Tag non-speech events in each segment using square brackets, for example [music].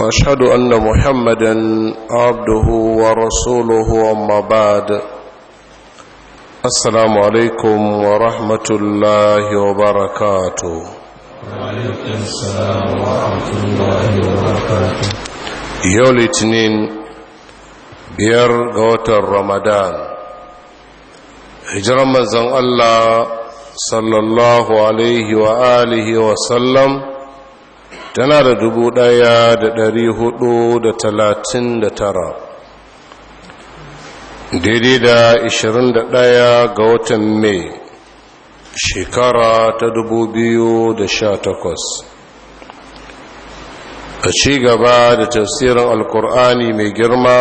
واشهد ان محمدا عبده ورسوله اما بعد السلام عليكم ورحمه الله وبركاته وعليكم السلام ورحمه الله وبركاته يوم الاثنين بير غوت رمضان هجر من الله صلى الله عليه واله وسلم tana da dubu ɗaya da dari hudu da talatin da tara daidai da ishirin da ɗaya ga watan mai shekara ta dubu biyu da sha takwas a ci gaba da tafsirin alkur'ani mai girma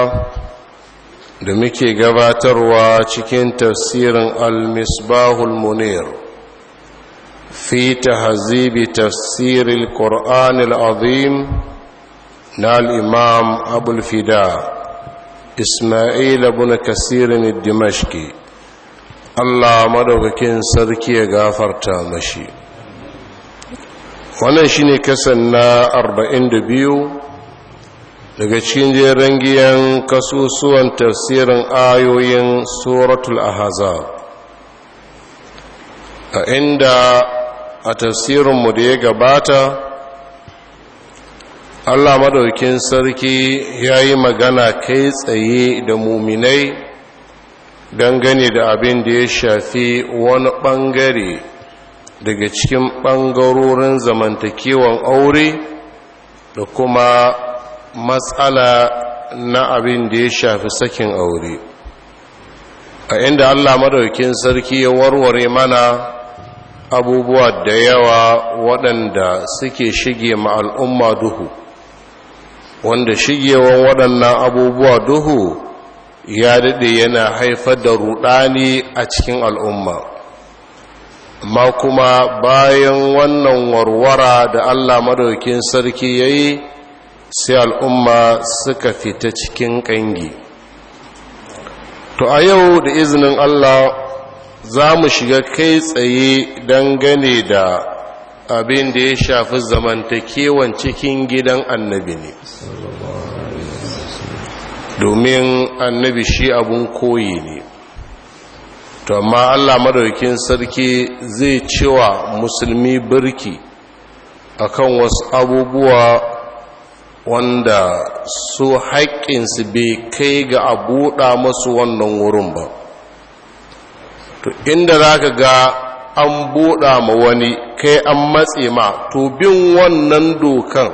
da muke gabatarwa cikin tafsirin al-misbahul munir في تهذيب تفسير القرآن العظيم نال الإمام أبو الفداء إسماعيل بن كثير الدمشقي الله مدوكين سركي غافر تامشي wannan shi ne kasan na 42 daga cikin jerin giyan kasusuwan tafsirin ayoyin suratul ahazab a inda a tafsirinmu da ya gabata allah maɗaukin sarki ya yi magana kai tsaye da muminai dangane da abin da ya shafi wani ɓangare daga cikin ɓangarorin zamantakewan aure da kuma matsala na abin da ya shafi sakin aure a inda allah maɗaukin sarki ya warware mana abubuwa da yawa waɗanda suke shige ma al'umma duhu wanda shigewan waɗannan abubuwa duhu ya daɗe yana haifar da ruɗani a cikin al'umma amma kuma bayan wannan warwara da allah madaukin sarki ya yi sai al'umma suka fita cikin ƙangi to a yau da izinin allah za mu shiga kai tsaye dangane da abin da ya shafi zamantakewan cikin gidan annabi ne domin annabi shi abun koyi ne to amma allah madaukin sarki zai cewa musulmi birki akan wasu abubuwa wanda su haƙƙinsu bai kai ga a buɗa masu wannan wurin ba to inda za ka ga an buɗa ma wani kai an matse ma to bin wannan dokan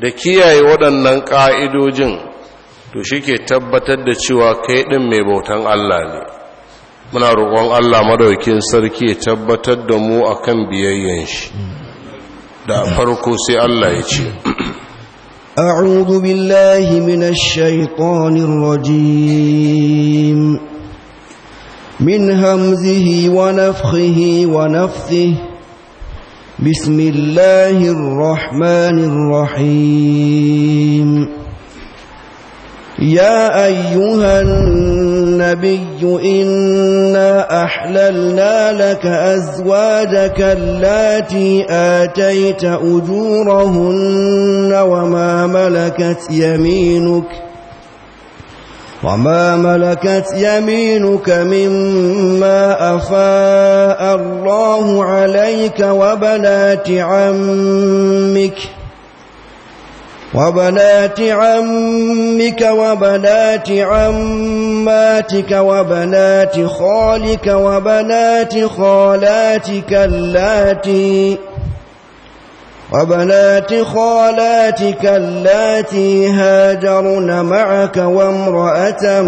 da kiyaye waɗannan ƙa'idojin to shi ke tabbatar da cewa kai ɗin mai bautan Allah ne muna roƙon Allah madaukin sarki tabbatar da mu akan biyayyen shi da farko sai Allah ya ce أعوذ بالله من الشيطان الرجيم من همزه ونفخه ونفثه بسم الله الرحمن الرحيم يا أيها النبي إنا أحللنا لك أزواجك التي آتيت أجورهن وما ملكت يمينك وما ملكت يمينك مما أفاء الله عليك وبنات عمك وبنات عمك وبنات عماتك وبنات خالك وبنات خالاتك اللاتي وبنات خالاتك اللاتي هاجرن معك وامرأة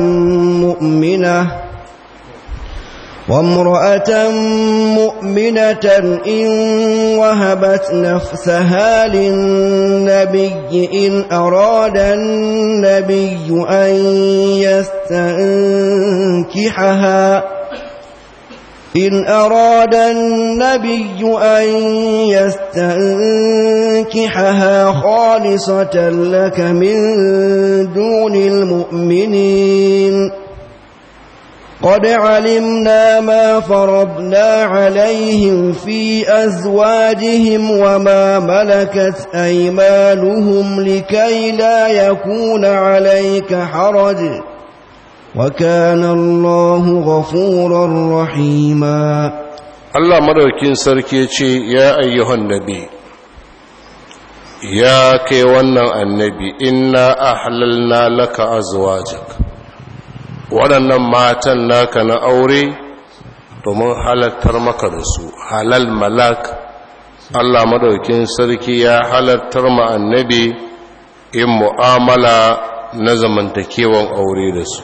مؤمنة وامرأة مؤمنة إن وهبت نفسها للنبي إن أراد النبي أن يستنكحها إن أراد النبي أن يستنكحها خالصة لك من دون المؤمنين قد علمنا ما فرضنا عليهم في أزواجهم وما ملكت أيمانهم لكي لا يكون عليك حرج وكان الله غفورا رحيما الله مدوكين سركي يا أيها ya kai wannan annabi inna ahlalna laka azwajak waɗannan matan naka na aure domin halattar maka da su halal malak Allah madaukin sarki ya halattar ma annabi in mu'amala na zamantakewan aure da su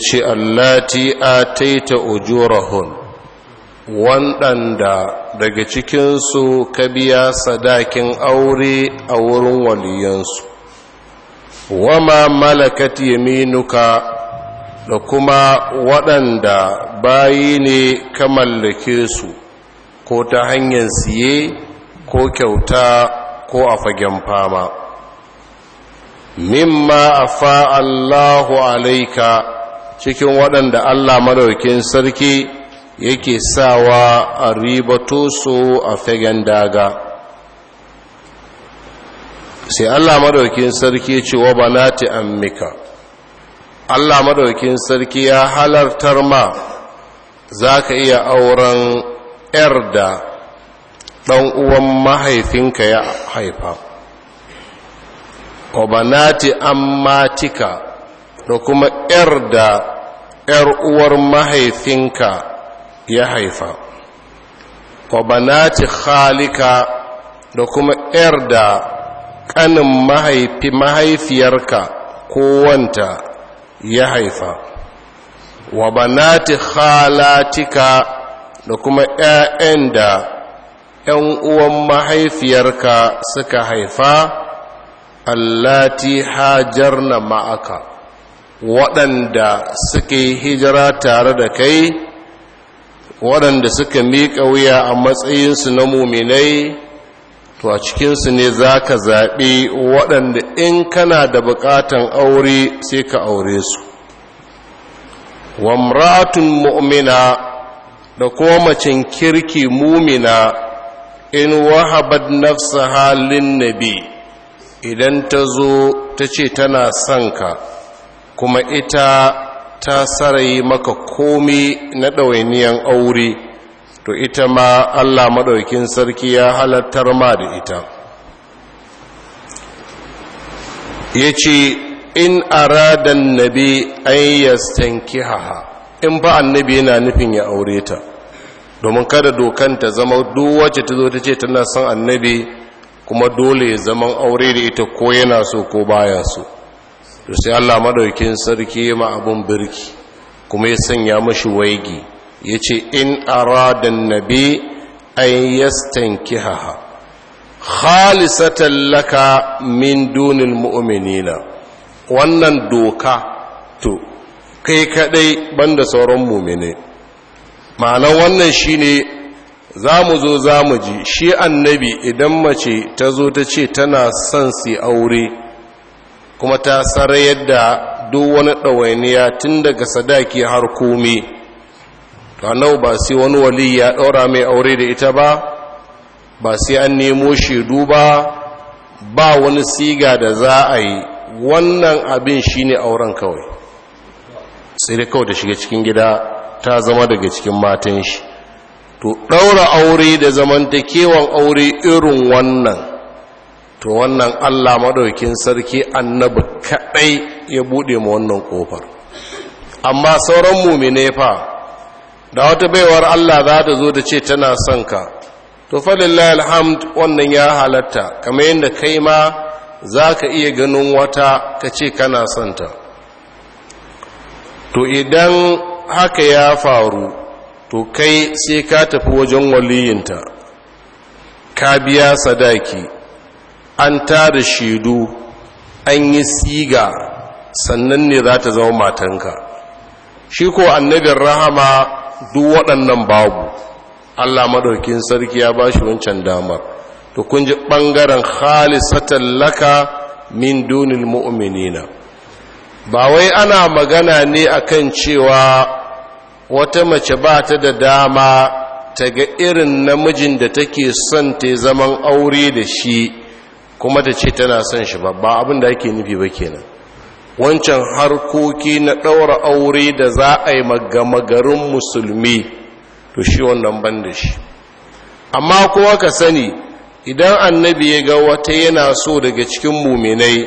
ce allati a taita ujurahun waɗanda daga cikinsu ka biya sadakin aure a wurin waliyansu wama malakat yaminuka da kuma waɗanda bayi ne ka mallake su ko ta hanyar siye ko kyauta ko a fagen fama mimma afa Allahu alaika cikin waɗanda Allah madaukin sarki yake sawa a ribato su a fagen daga sai Allah madaukin sarki ce wa banati ammika Allah madaukin sarki ya halartar ma zaka iya auren yar da ɗan uwan mahaifinka ya haifa wa banati ammatika da kuma ‘yar da ‘yar uwar mahaifinka ya haifa wa banati khalika da kuma ‘yar da ƙanin mahaifi mahaifiyarka ko ya haifa wa banati khalatika da kuma ‘ya'yan da ‘yan uwan mahaifiyarka suka haifa’ allati hajarna ma'aka waɗanda yi hijira tare da kai waɗanda suka miƙa wuya a matsayinsu na muminai to a cikinsu ne za ka zaɓi waɗanda in kana da buƙatan aure sai ka aure su wamratun mu'mina da komacin kirki mumina in wahabat nafsa halin nabi idan ta zo ta ce tana son ka kuma ita ta sarayi maka komi na ɗawainiyan aure to ita ma allah maɗaukin sarki ya halattar ma da ita ya ce in aradan nabi an yastanki haha in ba annabi yana nufin ya aure ta domin kada dokanta zama duk wacce ta zo ta ce tana son annabi kuma dole zaman aure da ita ko yana so ko baya so to sai Allah madaukin sarki ya ma abun birki kuma ya sanya mashi waigi yace in arada nabi ay yastankihaha khalisatan laka min dunil mu'minina wannan doka to kai kadai banda sauran mu'mine ma'ana wannan shine za mu zo za mu ji shi annabi idan mace ta zo ta ce tana son su aure kuma ta sarar yadda duk wani ɗawainiya tun daga sadaki har komi to nawa ba sai wani wali ya ɗaura mai aure da ita ba ba sai an nemo shaidu ba ba wani siga da za a yi wannan abin shine auren kawai sai da kawai ta shiga cikin gida ta zama daga cikin matan shi to ɗaura aure da zamantakewan aure irin wannan to wannan allah maɗaukin sarki annabi kaɗai ya buɗe ma wannan ƙofar amma sauran mumine fa da wata baiwar allah za ta zo da ce tana son ka to falillahi alhamd wannan ya halatta kamar yadda kai ma za ka iya ganin wata ka ce kana son ta to idan haka ya faru to kai sai ka tafi wajen waliyinta ka biya sadaki an tada shaidu an yi siga sannan ne za ta zama matanka shi ko annabin rahama duk waɗannan babu allah maɗaukin sarki ya ba shi wancan damar to kun ji ɓangaren halisatan laka min dunil mu'minina ba wai ana magana ne akan cewa wata mace ba ta da dama ta ga irin namijin da take son ta zaman aure da shi kuma ta ce tana son shi ba ba abin da ake nufi ba kenan wancan harkoki na ɗaura aure da za a yi magamagarin musulmi to shi wannan ban da shi amma kowa ka sani idan annabi ya ga wata yana so daga cikin muminai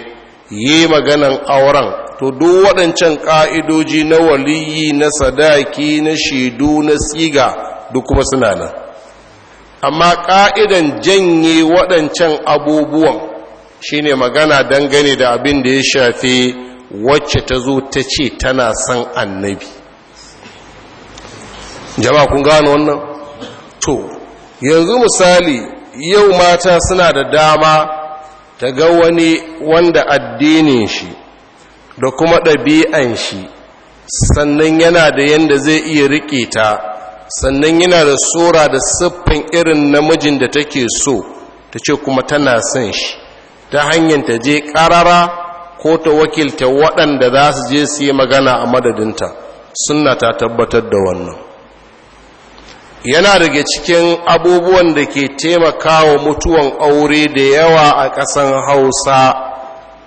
yi maganan auren to duk waɗancan ƙa'idoji na waliyi na sadaki na shaidu na tsiga duk kuma suna nan amma ƙa'idan janye waɗancan abubuwan shine magana dangane da abin da ya shafi wacce ta zo ta ce tana son annabi jama'a kun gano wannan to yanzu misali yau mata suna da dama ta ga wani wanda addinin shi da kuma ɗabi'an shi sannan yana da yadda zai iya riƙe ta sannan yana da tsora da siffin irin namijin da take so ta ce kuma tana son shi ta hanyar ta je ƙarara ko ta wakilta waɗanda za su je su yi magana a madadinta suna ta tabbatar da wannan yana daga cikin abubuwan da ke taimakawa mutuwan aure da yawa a ƙasan hausa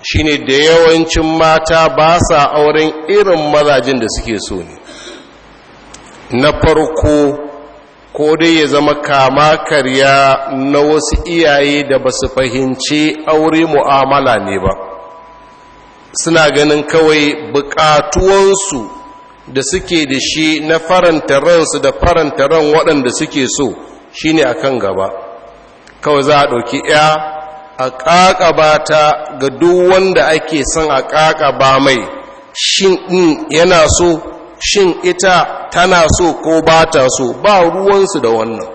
shine da yawancin mata ba sa auren irin mazajin da suke so ne na farko ko dai ya zama kama karya na wasu iyaye da ba su fahimci aure mu'amala ne ba suna ganin kawai bukatuwansu da suke da shi na faranta ransu da faranta ran waɗanda suke so shine akan gaba kawai za a ɗauki 'ya a ƙaƙaba ta ga duk wanda ake son a ƙaƙaba mai shin ɗin yana so shin ita tana so ko ba ta so ba ruwansu da wannan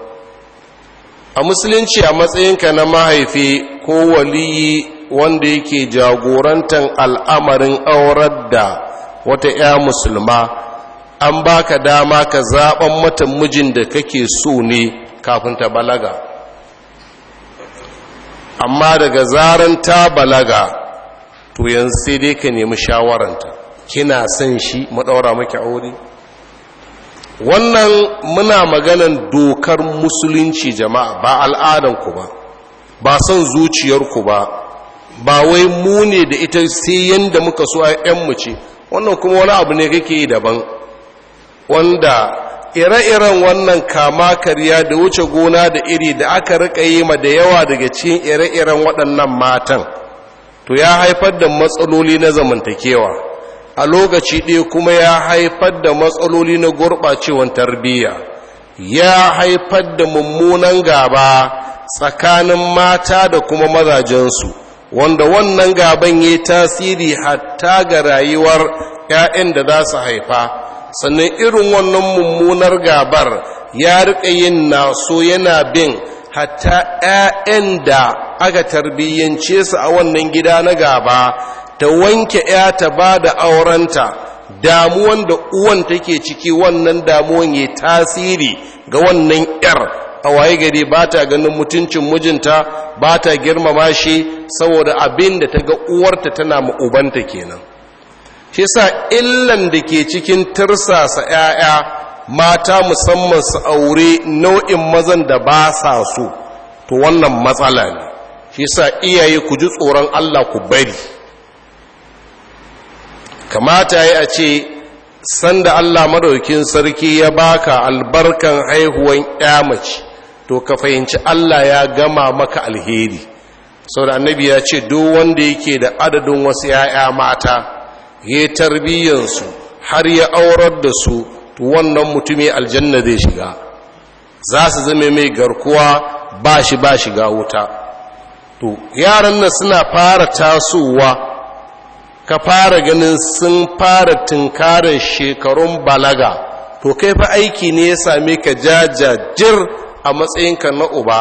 a musulunci a matsayinka na mahaifi ko waliyi wanda yake jagorantar al'amarin aurar da wata ‘ya musulma an baka dama ka zaɓen mata mijin da kake so ne kafin ta balaga amma daga zaran ta balaga to yanzu sai dai ka nemi shawaranta kina son shi maɗaura maki aure wannan muna maganan dokar musulunci jama'a ba al'adanku ba ba son zuciyarku ba ba wai mu ne da ita sai yadda muka so a 'yan ce wannan kuma wani abu ne kake yi daban wanda ire-iren wannan kama karya da wuce gona da iri da aka rika yi ma da yawa daga cikin ire-iren waɗannan matan to ya haifar da matsaloli na zamantakewa a lokaci ɗaya kuma ya haifar da matsaloli na gurɓacewan tarbiyya ya haifar da mummunan gaba tsakanin mata da kuma mazajensu wanda wannan gaban ya tasiri hatta ga rayuwar 'ya'yan da za su haifa sannan irin wannan mummunar gabar ya riƙa yin naso yana bin hatta 'ya'yan da aka tarbiyyance su a wannan gida na gaba ta wanke 'ya ta ba da aurenta damuwan da uwan take ciki wannan damuwan ya tasiri ga wannan yar a waye gari ba ta ganin mutuncin mijinta ba ta girmama shi saboda abin da ta ga uwarta tana ma'ubanta kenan shi sa illan da ke cikin tirsasa 'ya'ya mata musamman su aure nau'in mazan da ba sa so to wannan matsala ne shi sa iyaye ku ji tsoron allah ku bari kamata ya ce sanda Allah madaukin sarki ya baka albarkan haihuwan mace to ka fahimci Allah ya gama maka alheri da annabi ya ce duk wanda yake da adadin wasu 'ya'ya mata ya tarbiyyansu har ya aurar da su wannan mutumi aljanna zai shiga za su zame mai garkuwa ba shi ba shiga wuta to yaran nan suna fara tasowa ka fara ganin sun fara tunkarar shekarun balaga to kai fa aiki ne ya same ka jajajir a matsayinka na uba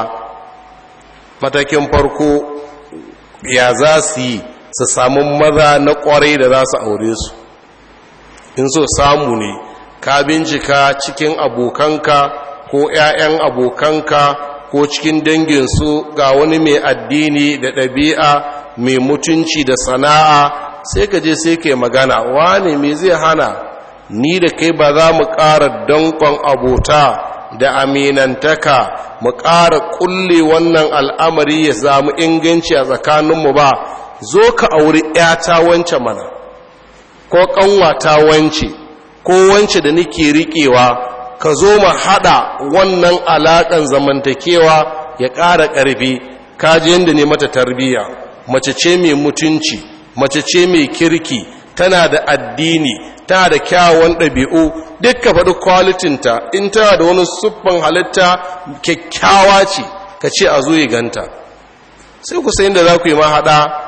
matakin farko ya za su yi su samu maza na kwarai da za su aure su in so samu ne ka bincika cikin abokanka ko 'ya'yan abokanka ko cikin danginsu ga wani mai addini da ɗabi'a mai mutunci da sana'a sai ka je sai ka magana wani mai zai hana ni da kai ba za mu ƙara dankon abota da aminantaka mu ƙara ƙulle wannan al'amari ya samu inganci a tsakaninmu ba zo ka auri ‘yata wance mana ko ƙanwata wance ko wance da nake riƙewa ka zo ma haɗa wannan alaƙan zamantakewa ya ƙara ƙarfi kaji yadda ne mata tarbiyya mace ce mai mutunci mace ce mai kirki tana da addini tana da kyawun ɗabi'u duk ka faɗi kwalitinta in tana da wani siffan halitta kyakkyawa ce ka ce a zo yi ganta sai ku sayin da za ku yi mahaɗa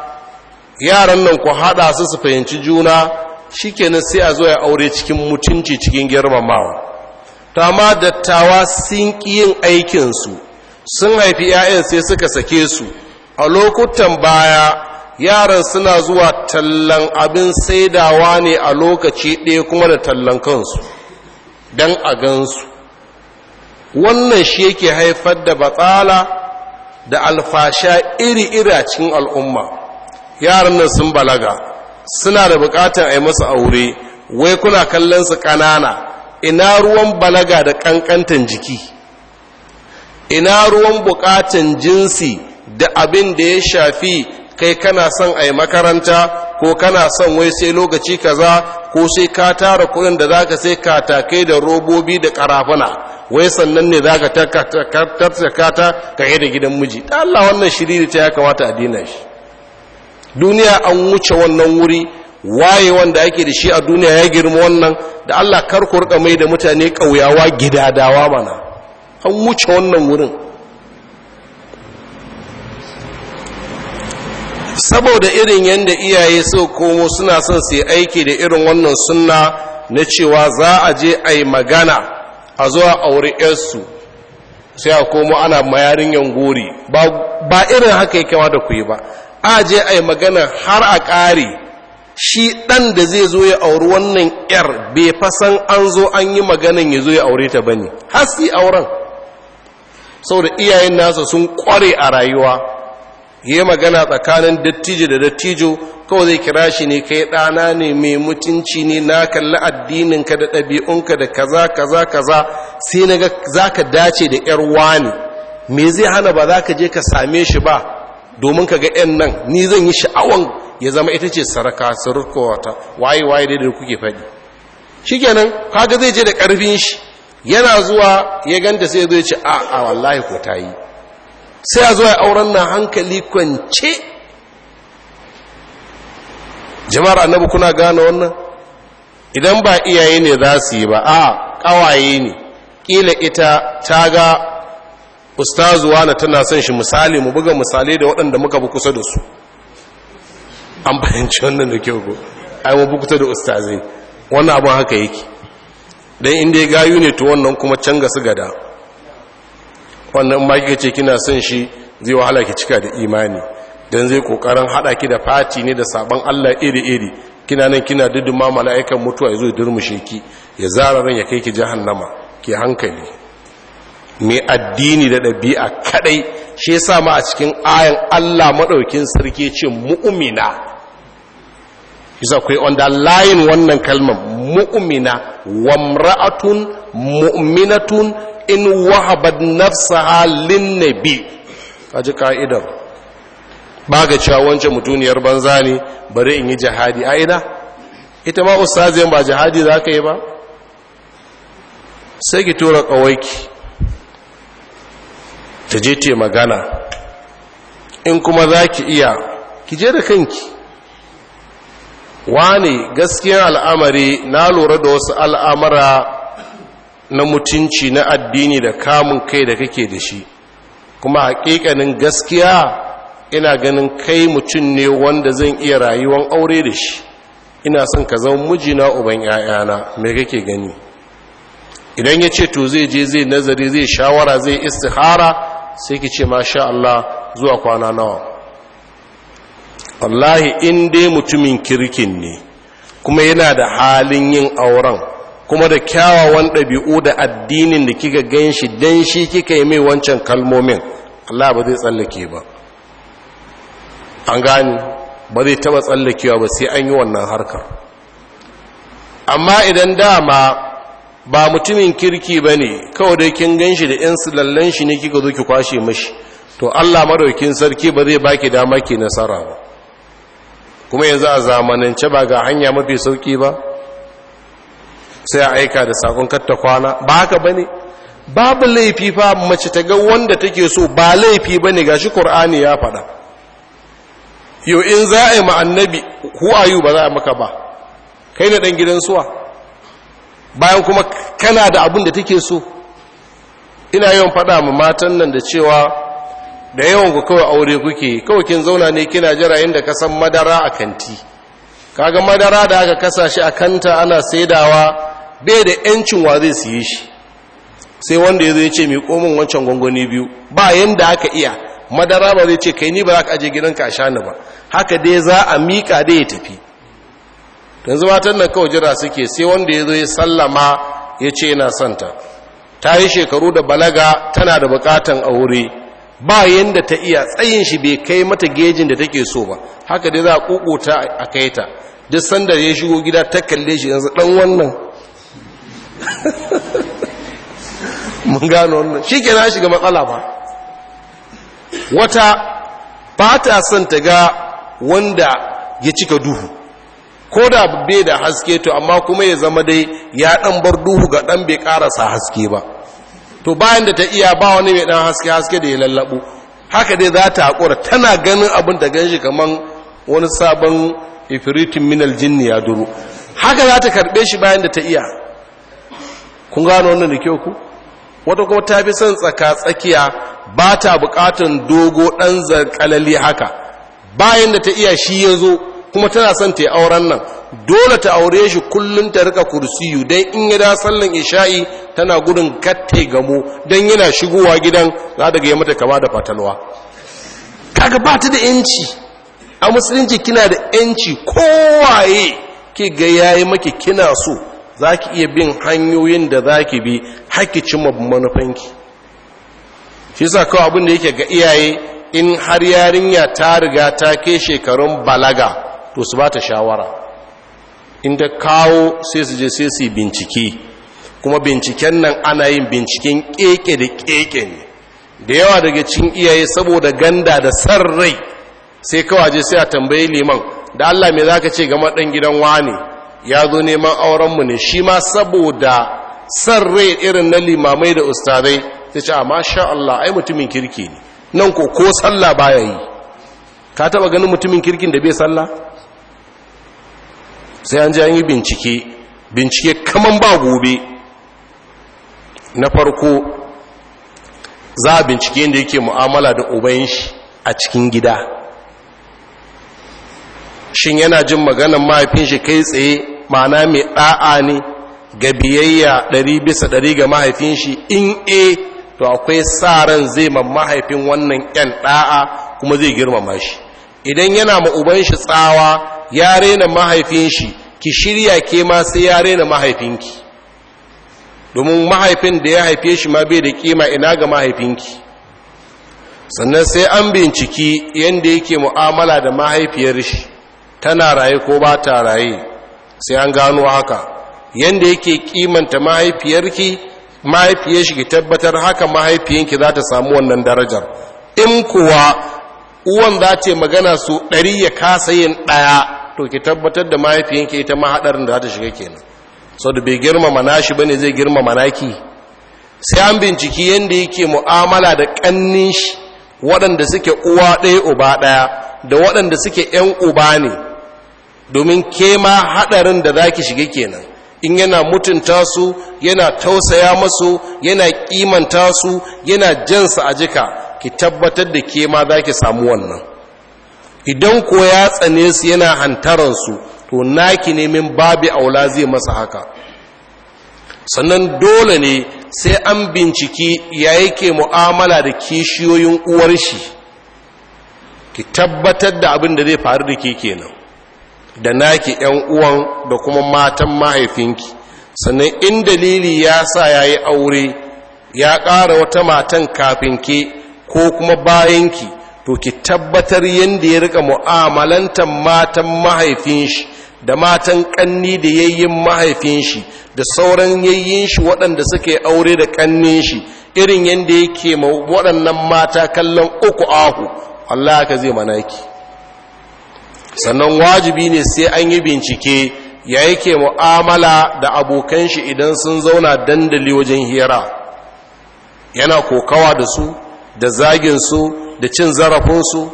yaran nan ku haɗa su su fahimci juna shikenan sai a zo ya aure cikin mutunci cikin girmamawa to amma dattawa sun ƙi yin aikinsu sun haifi 'ya'yan sai suka sake su a lokutan baya yaran suna zuwa tallan abin saidawa ne a lokaci ɗaya kuma da tallan kansu don a gansu wannan shi yake haifar da batsala da alfasha iri-iri a cikin al'umma yaran nan sun balaga suna da bukatar a yi masa aure wai kuna kallon su ƙanana ina ruwan balaga da ƙanƙantan jiki ina ruwan bukatan jinsi da abin da ya shafi kai kana son a yi makaranta ko kana son wai sai lokaci kaza ko sai ka tara kuɗin da zaka sai katakai da robobi da karafuna wai sannan ne zaka tattaka ta ka da gidan miji Allah wannan shiri ta ya kamata a dina shi duniya an wuce wannan wuri waye wanda ake da shi a duniya ya girma wannan da Allah kar ku mai da mutane kauyawa gidadawa mana an wuce wannan wurin saboda irin yadda iyaye su komo suna son su yi aiki da irin wannan sunna na cewa za a je a yi magana a zuwa aure 'yarsu sai a komo ana mayarin gori ba irin haka ya kama da ku yi ba Aje je a yi magana har a ƙare shi ɗan da zai zo ya auri wannan ‘yar bai fasan an zo an yi maganan ya zo ya aure ta ba ne sai auren saboda iyayen nasa sun ƙware a rayuwa ya yi magana tsakanin dattijo da dattijo kawai zai kira shi ne kai ɗana ne mai mutunci ne na kalli addininka da ɗabi'unka da kaza kaza kaza sai na ga za ka dace da ‘yar wani me zai hana ba za ka je ka same shi ba domin ka ga yan nan ni zan yi sha'awan ya zama ita ce saraka sarukowata waye waye dai da kuke faɗi shi nan kaga zai je da ƙarfin shi yana zuwa ya ganta sai zai ce a a wallahi ko ta yi sai a zuwa auren na hankali kwance jama'ar annabi kuna gane wannan idan ba iyaye ne za su yi ba a ƙawaye ne ƙila ita ta ga ustazuwa na tana son shi misali mu buga misali da waɗanda muka bi kusa da su an fahimci wannan da kyau ko ai mu bukuta da ustazai wannan abin haka yake dan inda ya gayu ne to wannan kuma can ga su gada wannan ma kike ce kina son shi zai wahala ki cika da imani dan zai kokarin hada ki da fati ne da sabon Allah iri iri kina nan kina duduma mala'ikan mutuwa yazo ya durmushe ki ya zara ran ya kai ki jahannama ki hankali mai addini da ɗabi'a kadai shi yasa ma a cikin ayan Allah maɗaukin sarki ce mu'mina isa ku yi layin wannan kalmar mu'mina mra'atun mu'minatun in wahabat nafsaha lin nabi ji ka'idar ba ga cewa wancan mutuniyar banza ne bari in yi jihadi a ina ita ma ustazin ba jihadi za ka yi ba sai ki tura ƙawaiki ta je te magana in kuma za ki iya ki je da kanki wane gaskiyar al'amari na lura da wasu al'amara na mutunci na addini da kamun kai da kake da shi kuma hakikanin gaskiya ina ganin kai mutum ne wanda zan iya rayuwan aure da shi ina son ka zama mijina uban 'ya'yana mai kake gani idan ya ce to zai je zai nazari zai shawara zai istihara sai ki ce masha Allah zuwa kwana nawa wallahi in dai mutumin kirkin ne kuma yana da halin yin auren kuma da kyawawan ɗabi'u da addinin da kika gan shi don shi kika yi mai wancan kalmomin Allah ba zai tsallake ba an gani ba zai taɓa tsallakewa ba sai an yi wannan harkar amma idan dama ba mutumin kirki ba ne kawai dai kin gan shi da 'yan sulallen shi ne kika zo ki kwashe mashi to allah maraukin sarki ba zai baki dama ki nasara ba kuma yanzu a zamanance ba ga hanya mafi sauki ba sai a aika da sakon katta kwana ba haka ba ne babu laifi fa mace ta ga wanda take so ba laifi ba ne gashi ƙur'ani ya faɗa yau in za a yi ma'annabi huwayu ba za a maka ba kai na ɗan gidan suwa bayan kuma kana da abin da take so ina yawan faɗa ma matan nan da cewa da yawan ku kawai aure kuke kawai kin zauna ne kina jira inda ka san madara a kanti kaga madara da aka kasa shi a kanta ana saidawa bai da yancin wa zai siye shi sai wanda ya zo ya ce mai komin wancan gwangwani biyu ba yanda aka iya madara ba zai ce kai ni ba za ka aje gidanka a shani ba haka dai za a miƙa dai ya tafi yanzu matan nan kawai jira suke sai wanda ya zo ya sallama ya ce yana santa ta yi shekaru da balaga tana da bukatan aure ba yadda ta iya tsayin shi bai kai mata gejin da take so ba haka dai za a kukuta a kai ta duk sanda ya shigo gida ta kalle shi yanzu dan wannan [laughs] mun gano wannan shi ke na shiga matsala ba wata ba ta son ta ga wanda ya cika duhu ko da bai da haske to amma kuma ya zama dai ya dan bar duhu ga dan bai karasa haske ba to bayan da ta iya ba wani mai dan haske haske da ya lallabo haka dai za ta hakura tana ganin abin da ganshi kaman wani sabon ifritin minal jinni ya duro haka za ta karbe shi bayan da ta iya kun gano wannan da kyau ku wata kuma ta fi son tsaka tsakiya ba ta bukatan dogo dan zarkalali haka bayan da ta iya shi ya zo kuma tana son ta yi auren nan dole ta aure shi kullum ta rika kursiyu dan in ya da sallan isha'i tana gudun katte gamo dan yana shigowa gidan za ta ga mata kama da fatalwa kaga ba ta da yanci a musulunci kina da yanci kowaye ki ga yayi maki kina so zaki iya bin hanyoyin da zaki bi hakki cimma manufanki shi yasa kawai abin da yake ga iyaye in har yarinya ta riga ta kai shekarun balaga to su ba ta shawara inda kawo sai su je sai su bincike kuma binciken nan ana yin binciken keke da keke ne da yawa daga cikin iyaye saboda ganda da san rai sai kawaje sai a tambayi liman da Allah me zaka ce gama ɗan gidan wani ya zo neman auren mu ne shi ma saboda san rai irin na limamai da ustadai sai ce amma ah, sha Allah ai mutumin kirki ne nan ko ko sallah baya yi ka taba ganin mutumin kirkin da bai sallah sai an ji yi bincike bincike kaman ba gobe na farko za a bincike yadda yake mu'amala da ubanshi shi a cikin gida shin yana jin maganan mahaifin shi kai tsaye ma'ana mai ɗa'a ne ga biyayya ɗari bisa ɗari ga mahaifin shi in A eh, to akwai sa ran zai ma mahaifin wannan 'yan ɗa'a kuma zai girmama shi idan yana ma uban shi tsawa ya rena mahaifin shi ki shirya ke ma sai ya rena mahaifinki domin mahaifin da ya haife shi ma bai da kima ina ga mahaifinki sannan sai an binciki yadda yake mu'amala da mahaifiyar shi tana raye ko ba ta raye sai an gano haka yadda yake kimanta mahaifiyarki mahaifiyar shi ki tabbatar haka mahaifiyarki za ta samu wannan darajar in kuwa uwan za ce magana su ɗari ya kasa yin ɗaya to ki tabbatar da mahaifiyanki ita ma da za ta shiga kenan sau da bai girmama nashi bane zai girmama naki sai an binciki yanda yake mu'amala da kannin shi waɗanda suke uwa ɗaya uba ɗaya da waɗanda suke ƴan uba ne domin ke ma haɗarin da za ki shiga kenan in yana mutunta su yana tausaya masu yana kimanta su yana jansa a jika ki tabbatar da ke ma za ki samu wannan idan ko ya tsane su yana hantaransu to naki nemin babi aula zai masa haka sannan dole ne sai an binciki ya yake mu'amala da kishiyoyin uwar shi ki tabbatar da abin da zai faru da ke kenan da naki yan uwan da kuma matan mahaifinki sannan in dalili ya sa ya yi aure ya ƙara wata matan kafinki ko kuma bayanki to ki tabbatar yadda ya rika mu'amalantar matan mahaifin shi da matan kanni da yayyin mahaifin shi da sauran yayyin shi waɗanda suke aure da kannin shi irin yadda yake ma waɗannan mata kallon uku ahu Allah ka zai manaki sannan wajibi ne sai an yi bincike ya yake mu'amala da abokan shi idan sun zauna dandali wajen hira yana kokawa da su da zagin su da cin zarafinsu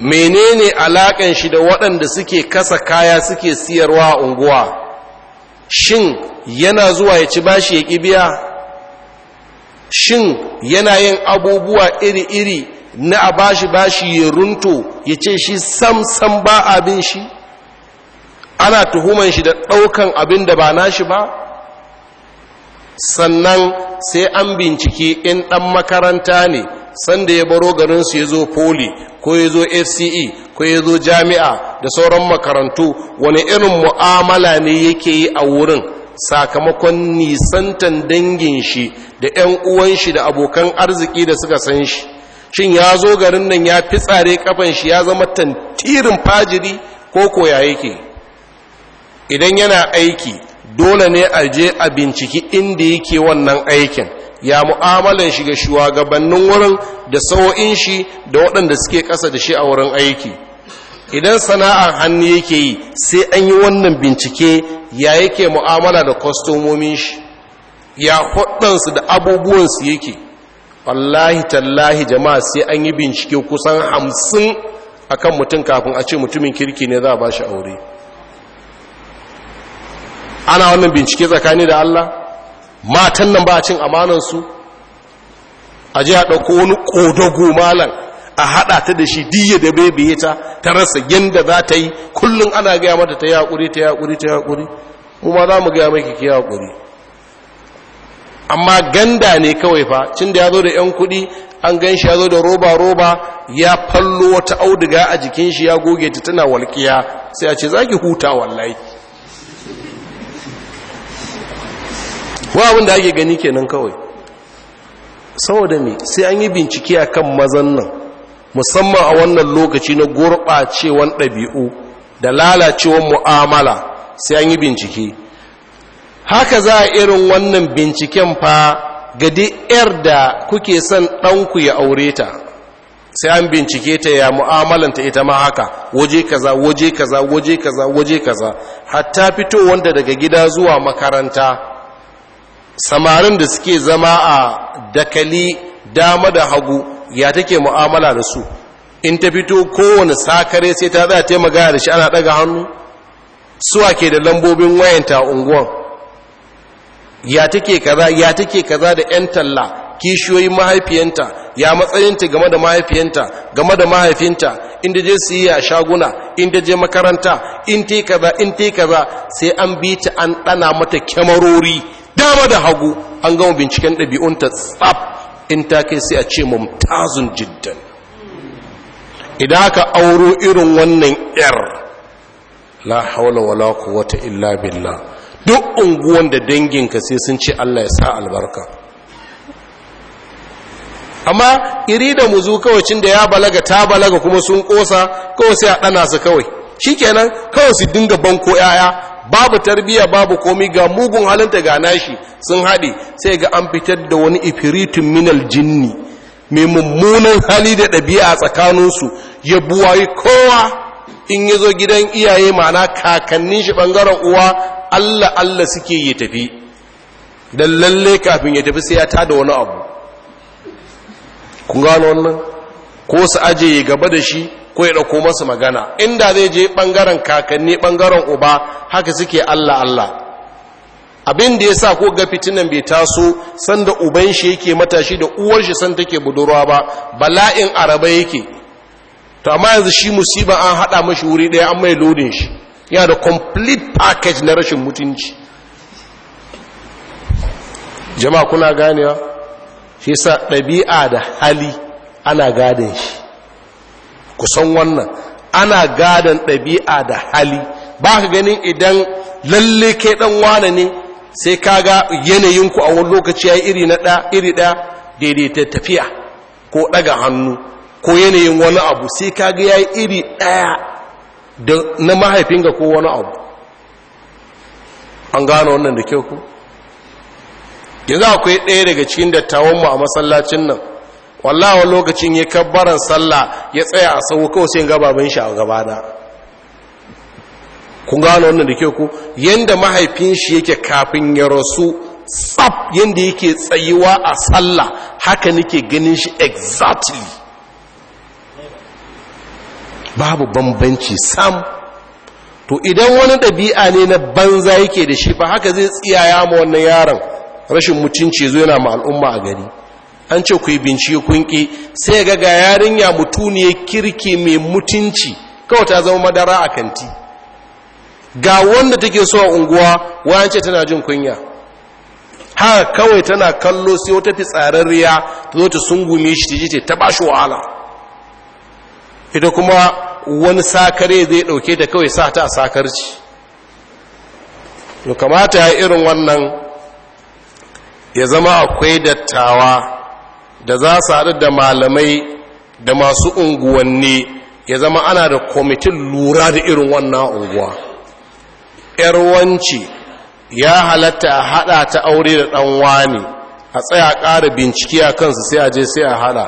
menene alaƙan shi da waɗanda suke kasa kaya suke siyarwa a unguwa shin yana zuwa ya ci bashi ya ƙi biya shin yana yin abubuwa iri-iri na a bashi-bashi ya runto ya ce shi sam-sam ba abin shi ana tuhuman shi da ɗaukan abin da ba nashi ba sannan sai an bincike in ɗan makaranta ne sanda ya baro garinsu ya zo poli ko ya zo fce ko ya zo jami'a da sauran makarantu wani irin mu'amala ne yake yi a wurin sakamakon nisantan dangin shi da 'yan uwan shi da abokan arziki da suka san shi shin ya zo garin nan ya fi tsare kafan shi ya zama tantirin fajiri ko koya yake idan yana aiki dole ne a je a binciki inda yake wannan aikin ya mu'amalan shi ga shugabannin wurin da sawo'in shi da waɗanda suke ƙasa da shi a wurin aiki idan sana'ar hannu yake yi sai an yi wannan bincike ya yake mu'amala da kwastomomin shi ya hudansu da abubuwansu yake wallahi tallahi jama'a sai an yi bincike kusan hamsin a kan mutum kafin a ce mutumin kirki ne za a ba shi aure ana wannan bincike tsakani da Allah matan nan ba a cin amanansu a ji a ɗauko wani ƙodogo malam a haɗa ta da shi diya da bebiye ta ta rasa yadda za ta yi kullum ana gaya mata ta yaƙuri ta yaƙuri ta yaƙuri kuma za mu gaya maki ki yaƙuri amma ganda ne kawai fa cin da ya zo da 'yan kuɗi an gan shi ya zo da roba-roba ya fallo wata auduga a jikin shi ya goge ta tana walƙiya sai a ce za ki huta wallahi wa abin da ake gani kenan kawai saboda me sai an yi bincike a kan mazan nan musamman a wannan lokaci na gurɓacewan ɗabi'u da lalacewan mu'amala sai an yi bincike haka za a irin wannan binciken fa ga yar da kuke son ɗanku ya aure ta sai an bincike ta ya mu'amalanta ita ma haka waje kaza waje kaza waje kaza waje kaza hatta fito wanda daga gida zuwa makaranta samarin da suke zama a dakali dama da hagu ya take mu'amala da su in ta fito kowane sakare sai ta za ta magana da shi ana daga hannu suwa ke da lambobin wayanta unguwan ya take kaza ya kaza da yan talla kishiyoyin mahaifiyanta ya matsayinta game da mahaifiyanta game da mahaifinta inda je su yi a shaguna inda je makaranta in te kaza in te kaza sai an bi ta an ɗana mata kyamarori dama da hagu an gama binciken ɗabi'unta tsab in ta kai sai a ce mumtazun jiddan idan aka auro irin wannan yar la haula wala quwwata illa billah duk unguwan da danginka sai sun ce Allah ya sa albarka amma iri da muzu kawai cin da ya balaga ta balaga kuma sun kosa kawai sai a dana su kawai shikenan kawai su dinga banko yaya babu tarbiya babu komi ga mugun halinta ga nashi sun haɗe sai ga an fitar da wani ifiritin minal jinni mai mummunan hali da ɗabi'a tsakaninsu ya buwayi kowa in ya zo gidan iyaye mana kakannin shi ɓangaren uwa allah allah suke yi tafi don lalle kafin ya tafi sai ya tada wani abu kun gano wannan ko su aje gaba da shi ko ya ɗauko masa magana inda zai je ɓangaren kakanni ɓangaren uba haka suke allah allah abin da ya sa ko ga fitinan bai taso sanda uban shi yake matashi da uwar shi san take budurwa ba bala'in araba yake to amma yanzu shi musiba an haɗa mashi wuri ɗaya an mai lodin shi yana da complete package na rashin mutunci jama'a kuna ganewa shi sa ɗabi'a da hali ana gadin shi kusan wannan ana gadon ɗabi'a da hali ba ka ganin idan lalle ke ɗan wane ne sai ka ga yanayinku a wani lokaci ya yi iri na ɗaya iri ɗa daidaita tafiya ko ɗaga hannu ko yanayin wani abu sai ka ga ya yi iri ɗaya na mahaifinka ko wani abu an gano wannan da kyau ku yanzu akwai ɗaya daga cikin dattawan mu a masallacin nan wallawa lokacin ya kabbaran sallah ya tsaya a sauwa kawai sai gaba bin shi a gaba da kun gano wannan da ke ku yadda mahaifin shi yake kafin ya rasu tsab yadda yake tsayuwa a sallah haka nake ganin shi exactly babu bambanci sam to idan wani ɗabi'a ne na banza yake da shi ba haka zai tsiyaya ma wannan yaron rashin mutunci zo yana ma al'umma a gari an ce ku yi bincike kun sai ga ga yarinya ya kirki mai mutunci kawai ta zama madara a kanti ga wanda take so a unguwa wayan ce tana jin kunya ha kawai tana kallo sai wata fitsararriya ta zo ta sungume shi ta je ta ba shi wahala ita kuma wani sakare zai dauke ta kawai sa ta a sakarci to kamata ya irin wannan ya zama akwai dattawa da za su haɗu da malamai da masu unguwanni ya zama ana da kwamitin lura da irin wannan unguwa ‘yarwanci ya halatta a haɗa ta aure da ɗan ɗanwani a tsaya ƙara bincike a kansu sai a je sai a haɗa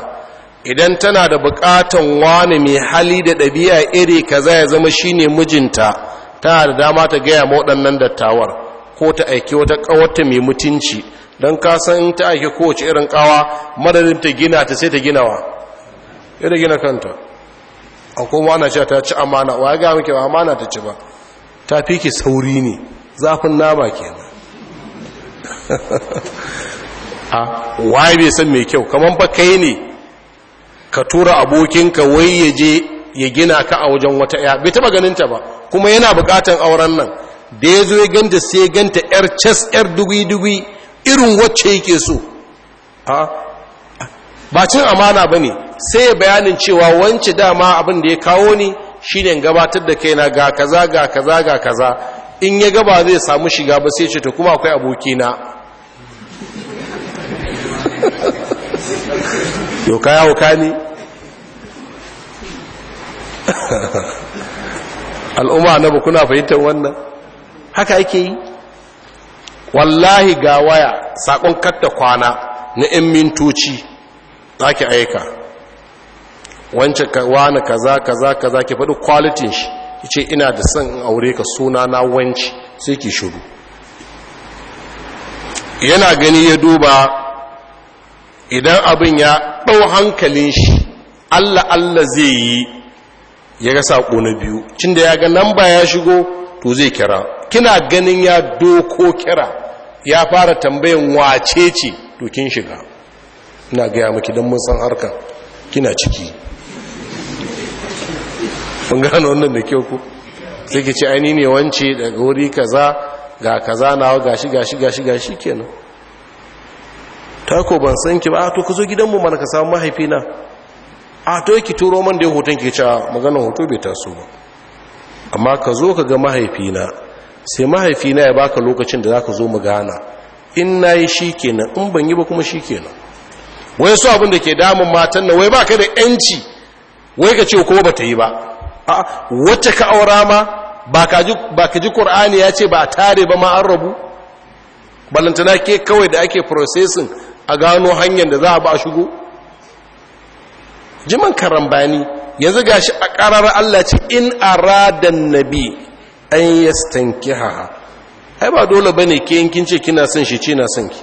idan tana da buƙatan wani mai hali da ɗabi'a iri kaza ya zama shi ne mijinta tana da dama ta gaya waɗannan dattawar ko ta aiki wata ƙawarta mai mutunci don kasan in ta aiki kowace irin kawa madadin ta gina ta sai ta ginawa ya da gina kanta a kuma ana cewa ta ci amana wa ya ga muke ba amana ta ci ba ta fi ki sauri ne zafin nama kenan [laughs] a waye bai san mai kyau kamar ba kai ne ka tura abokinka wai ya je ya gina ka a wajen wata ya bai taba ganinta ba kuma yana bukatan auren nan da ya zo ya ganta sai ganta yar cas yar dugui-dugui irin wacce yake so ba cin amana ba ne sai ya bayanin cewa wance dama abin da ya kawo ni shine gabatar da kaina ga kaza ga kaza ga kaza in ya gaba zai samu shiga ba sai ce ta kuma akwai abokina yau ya wuka ne al'umma na ba kuna fahimtar wannan haka ake yi wallahi ga waya sakon katta kwana na 'yan mintoci za ki aika wance wani kaza kaza kaza ki faɗi kwalitin shi ce ina da son in aure ka suna na wanci sai ki shuru yana gani ya duba idan abin ya ɗau hankalin shi allah allah zai yi ya ga saƙo na biyu cinda da ya ga nan ya shigo to zai kira kina ganin ya doko kira ya fara tambayan wace ce to kin shiga ina gaya maki don mun san harkar kina ciki mun gano wannan da kyau ko. sai ki ce aini ne wance daga wuri kaza ga kaza nawa gashi gashi gashi gashi kenan tako ban san ki ba ah, to ku zo gidanmu mana ka samu mahaifina a ah, to ki turo man da hoton ki ce ah, maganar hoto bai taso ba amma ka zo ka ga mahaifina sai mahaifina ya baka lokacin da zaka zo mu gana in na shi shikenan in ban yi ba kuma shikenan wai su abin da ke damun matan na wai ba baka da yanci wai ka ce ko ba ta yi ba a wacce ka aura ma ba ka ji qur'ani ya ce ba a tare ba ma an rabu balantana ke kawai da ake processing a gano hanyar da za a ba a shigo jiman karambani yanzu ga shi a karar Allah ce in aradan nabi an ha ai ba dole ba ne ke yankin ce kina son shi ce na son ki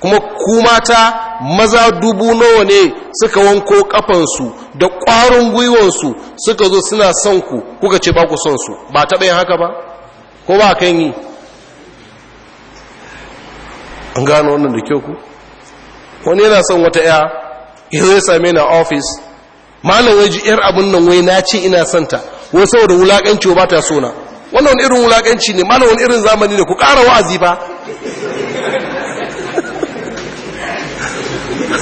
kuma ku mata maza dubu nawa ne suka wanko kafansu da ƙwarin gwiwansu suka zo suna son ku kuka ce ba ku son su ba taɓa yin haka ba ko ba kan yi an gano wannan da kyau ku wani yana son wata ya yanzu ya same na ofis malam ya ji yar abun nan wai na ce ina santa wai saboda wulakanci ba ta sona wannan irin wulakanci ne malam wani irin zamani ne ku ƙara wa'azi ba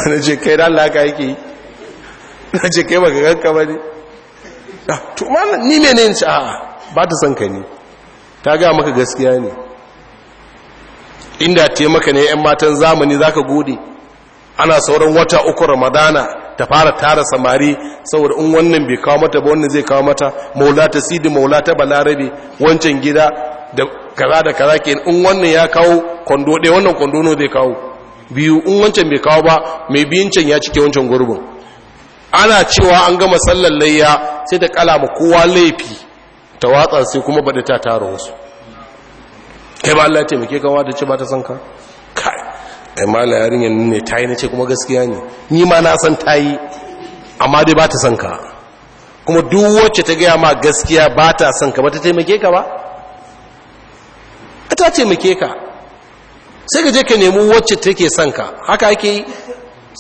[laughs] na je kai da Allah ka yake na je kai baka ganka ba ne ah, to malam ni me ne a'a ba ta san ka ne ta ga maka gaskiya ne inda te maka ne yan matan zamani zaka gode ana sauran wata uku ramadana ta fara tara samari saboda in wannan bai kawo mata ba wannan zai kawo mata maula ta sidi maula ta balarabe wancan gida da kaza da kaza ke in wannan ya kawo kwando ɗaya wannan kwando no zai kawo biyu in wancan bai kawo ba mai biyun can ya cike wancan gurbin ana cewa an gama sallar layya sai ta kala ma kowa laifi ta watsa sai kuma baɗi ta taro wasu kai ba Allah ya taimake ka wata ce ba ta san ka kai ai la yarinyar ne ta yi na ce kuma gaskiya ne ni ma na san ta yi amma dai ba ta san ka kuma duk wacce ta gaya ma gaskiya ba ta san ka ba ta taimake ka ba ta taimake ka sai ka je ka nemi wacce take san ka haka ake yi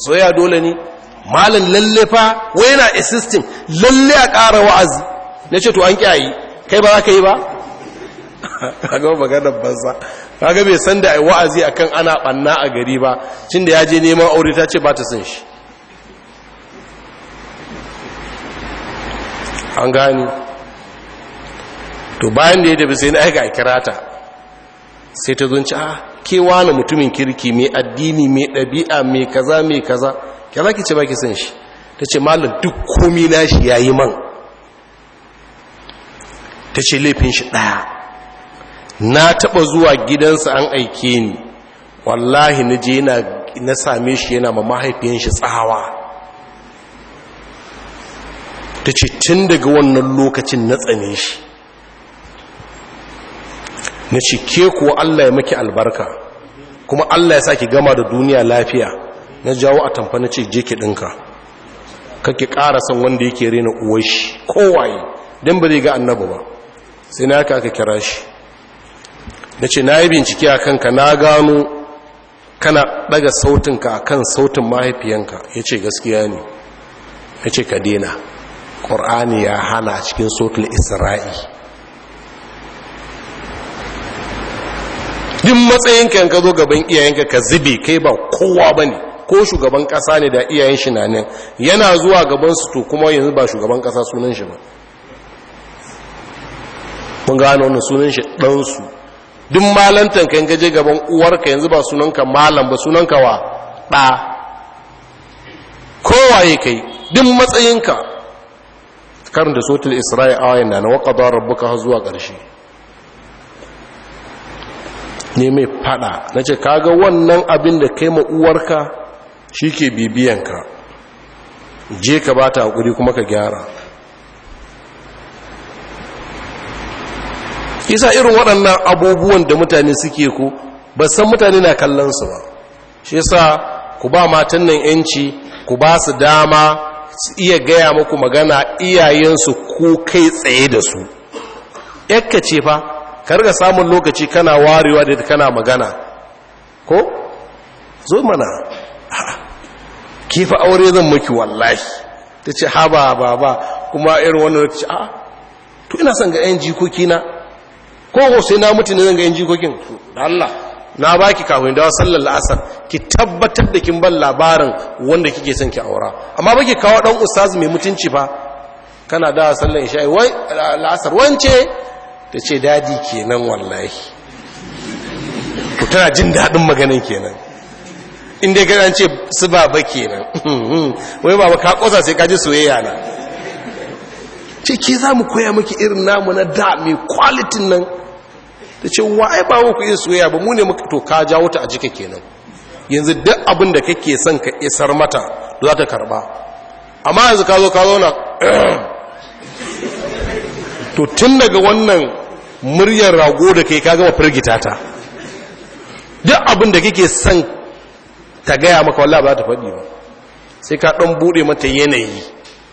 soya dole ne malin lalle fa wai yana assisting lalle a ƙara wa'azi na ce to an kyayi kai ba za ka yi ba [laughs] kaga maganar banza kaga bai san da ai wa'azi akan ana banna a gari ba tunda ya je neman aure ta ce ba ta san shi an gani to bayan da ya tafi sai na aika a kirata sai ta zunci a ah, kewa na mutumin kirki mai addini mai ɗabi'a mai kaza mai kaza ke za ki ce ba ki san shi ta ce malam duk komi na shi ya yi man ta ce laifin shi ɗaya na taɓa zuwa gidansa an aike ni wallahi na je na same shi yana ma mahaifiyan shi tsawa ta ce tun daga wannan lokacin na tsane shi na ce ke kuwa allah ya maki albarka kuma allah ya sake gama da duniya lafiya na jawo a tamfa na ce je ki ɗinka kake son wanda yake rena uwa shi kowaye don ba zai ga annabu ba sai na yaka aka kira shi na ce na yi bincike a kanka na gano kana daga sautinka a kan sautin mahaifiyanka ya ce gaskiya ne ya ce ka dina ƙor'ani ya hana a cikin sautin isra'i duk matsayinka yanka zo gaban iyayenka ka zube kai ba kowa ba ne ko shugaban ƙasa ne da iyayen shi na nan yana zuwa gaban su to kuma yanzu ba shugaban ƙasa sunan shi ba mun gano wannan sunan shi ɗansu duk malantan kan gaje gaban uwarka yanzu ba sunanka malam ba ka wa ɗa kowaye kai duk matsayinka karin da sotul isra'i awayin na na waƙadar rabbuka har zuwa ƙarshe ne mai fada na ce kaga wannan abin da kai ma uwarka shi ke bibiyanka je ka bata ta haƙuri kuma ka gyara isa irin waɗannan abubuwan da mutane suke ku ba san mutane na kallon ba shi yasa ku ba matan nan yanci ku ba su dama su iya gaya maku magana iyayensu ko kai tsaye da su yakka ce fa ka samun lokaci kana warewa da kana magana ko zo mana kifa aure zan maki wallahi ta ce ha ba ba kuma irin wani lokaci a to ina son ga yan jikoki na ko sai na mutu ne zan ga yan jikokin da Allah na baki kafin dawa sallar la'asar ki tabbatar da kin ban labarin wanda kike son ki aura amma baki kawo dan ustaz mai mutunci ba. kana da sallar isha wai la'asar wance ta ce dadi kenan wallahi to tana jin daɗin maganin kenan inda gani ce su baba kenan [laughs] wai baba ka ƙosa sai ka ji soyayya na ce ke za mu koya maki irin namu na da mai kwalitin nan ta ce wa ai ba ku iya soyayya ba mu ne muka to ka jawo ta a jika kenan yanzu duk abin da kake son ka isar mata za ta karba amma yanzu ka zo ka zauna [clears throat] to tun daga wannan muryar rago da kai ka gama firgita ta duk abin da kake son ta gaya maka wallahi ba za ta faɗi ba sai ka ɗan buɗe mata yanayi